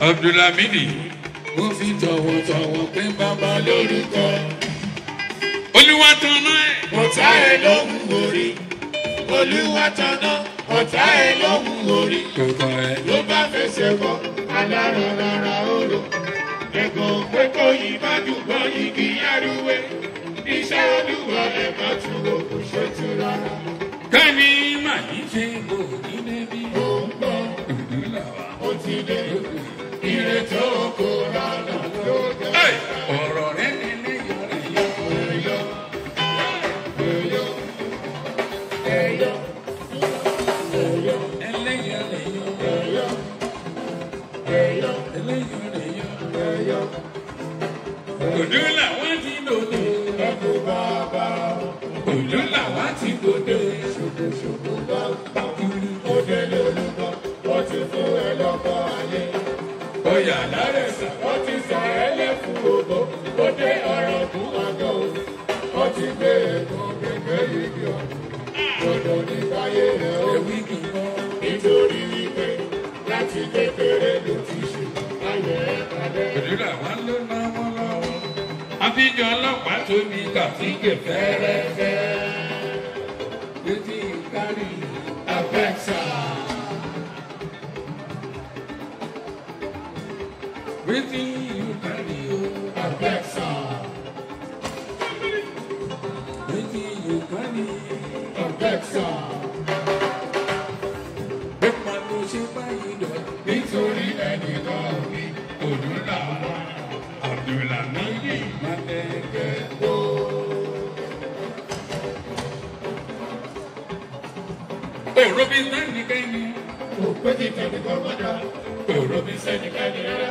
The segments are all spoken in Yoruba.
Abdulamini, mo fi tọ̀wọ̀tọ̀wọ̀ pé bàbá lórúkọ. olúwa tanná ẹ. ọ̀tá ẹ ló ń gorí olúwa tanná ọ̀tá ẹ ló ń gorí. kọ̀ọ̀kan ẹ. ló bá fẹsẹ̀ bọ alárọ̀ lára oró ẹ̀gbọ́n pé kò yí má dùgbọ́ yìí kí yárúwé iṣẹ́ olúwa ẹ̀ tún òkú ṣètò rárá. Olùlà wá ti gbòde. Ṣòkòṣòkò bá bá. yà lálẹ́ sàn. wọ́n ti sọ ẹlẹ́fù gbogbo ó dé ọ̀rọ̀ fún àgọ́ o. wọ́n ti gbé ẹ̀kọ́ kékeré yìí ọ̀. lọ́dọ̀ ní káyé rẹ̀ ó wí kì í. nítorí wípé láti kékeré ló ti ṣe ayẹ̀ ẹ̀ padà. òdúrà ló ná wọn lọ́wọ́. àfijọ́ ọlọ́pàá tóbi kàtíkè fẹ́rẹ́fẹ́. wetin you carry affect With you carry o, abeg sir. Wetin you carry, abeg sir. Make man no ṣe báyìí lọ. a ẹnìkan mi, òdúrà wa, àdúrà mi ní Oh, o. Òròbí sẹ́nìkẹ́ni. Òpè ti tẹ̀lé kọ́ gbọ́dọ̀. Òròbí sẹ́nìkẹ́ni rárá.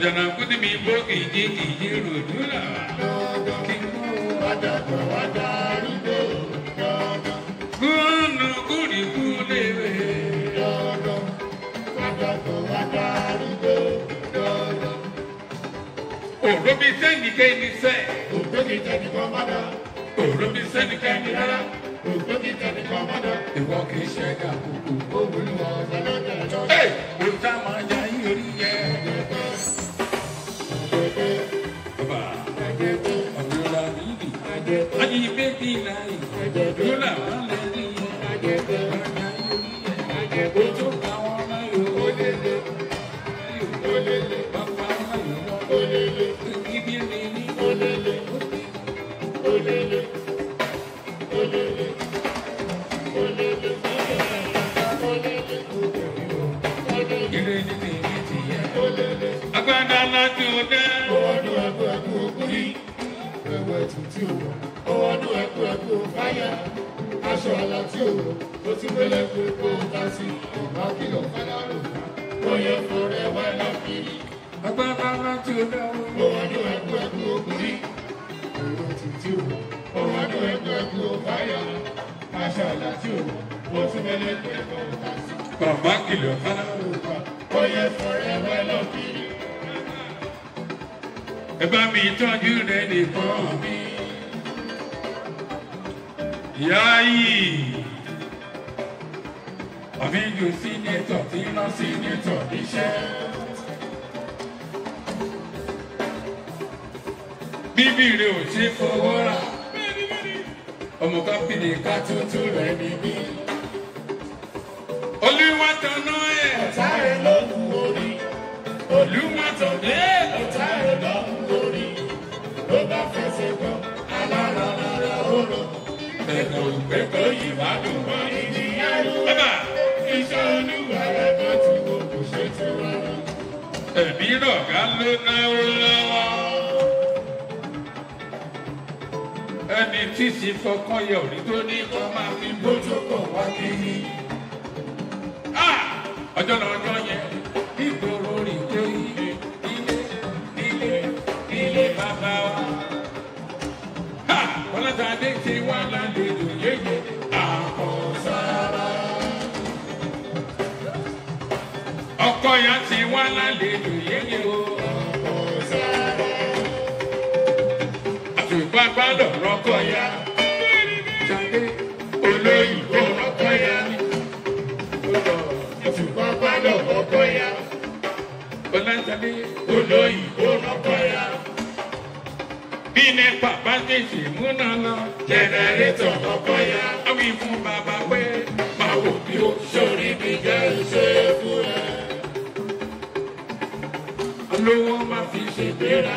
Àjànà kú níbi igbó kìíní kìíní ròdúrà. Dandan kí mú wájàgbọ̀ wájà arúgbó dandan. Kúrọ́nù kúrì kú léwe. Dandan wájàgbọ̀ sẹ́. Ògbógi tẹnìkan má dá. Òró mi sẹ́nìkẹ́ rárá. Ògbógi tẹnìkan má dá. Ìwọ kì í ṣe ẹ̀ka ọ̀sán lọ́jọ́. Oye fore wa la fili agbára láti ọ̀dà ọ̀wádùn ẹ̀kú ẹ̀kú ògùnrí ọ̀rọ̀ títí o ọ̀wádùn ẹ̀kú ẹ̀kú òfáyà àṣà láti o wọ́n tún bẹ́lẹ̀ pé ẹ̀kọ́ ọ̀tá sí. bàbá kìlọ̀ ká ó yẹ fọ̀rẹ́ wẹ́ lọ́kìrì. ẹ bá mi tọ́jú rẹ̀ nìkan mi. ìyá yìí àbí ju sínítọ̀ tí ń rán sínítọ̀ níṣẹ́. bíbí rẹ ò ṣe fọwọ́ rà ọmọ kápẹ́lì ká tuntun rẹ níbí. olúwa ẹ̀ ọ̀tá rẹ ló kú orí olúwa ẹ̀ ọ̀tá rẹ ló kú orí ló bá fẹsẹ̀ gbọ́ alára lára ọ̀rọ̀ pẹ̀lú pẹ̀lú ìwádùn wọn ìdí ẹrú iṣẹ́ olúwa bá ti gbogbo ṣe ti wá. ẹ̀mí rọ̀gá ló náwó lọ. títí fọkàn yẹ òní tó ní kó máa fi bójú kò wá kiri. ọjọ́ náà ọjọ́ yẹn nígboro rí pé ilé nílé nílé bàbá wa. Fọlátadé ti wá lálejò yéye àkọsára. ọkọ ya ti wá lálejò yéye o. bá dọ̀rọ̀ kọ ya. olóyìnbó ọkọ ya. ìfipá bá dọ̀rọ̀ kọ ya. ọlọ́ntàdé olóyìnbó ọkọ ya. bí nípa bá tètè múná lọ. jẹnẹrétọ̀ ọkọ ya. àwọn ìfún bàbá pé máa wò bí ó sórí mi jẹ́ iṣẹ́ fún ẹ. olówó máa fi ṣègbéra.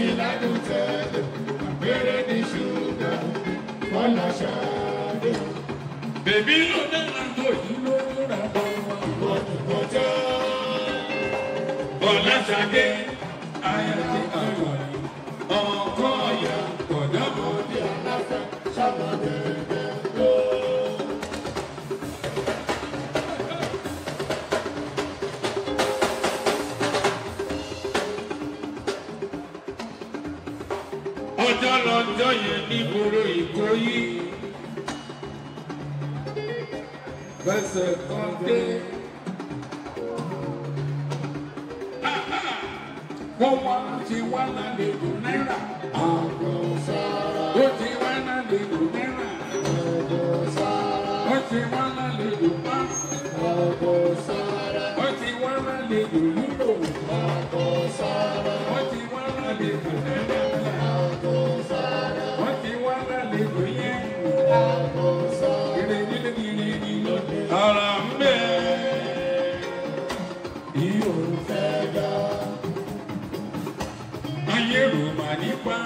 ti ládùn tẹ́lẹ̀ àgbèrè ní ṣúgà bọ́lá ṣáàdé. bèbí ló dára tó yìí ló múra bọ́ wọn. bọ́lá ṣáàdé ayé ti. Ìkòyí fẹsẹ̀ kan dé. Wọ́n wá ti wá lálejò náírà. Àgọ́ sára. Ó ti wá lálejò náírà. Àgọ́ sára. Ó ti wá lálejò pàṣẹ. Àgọ́ sára. Ó ti wá lálejò lílò. Àgọ́ yóò fẹ́ dá. Ayé rò mà nípa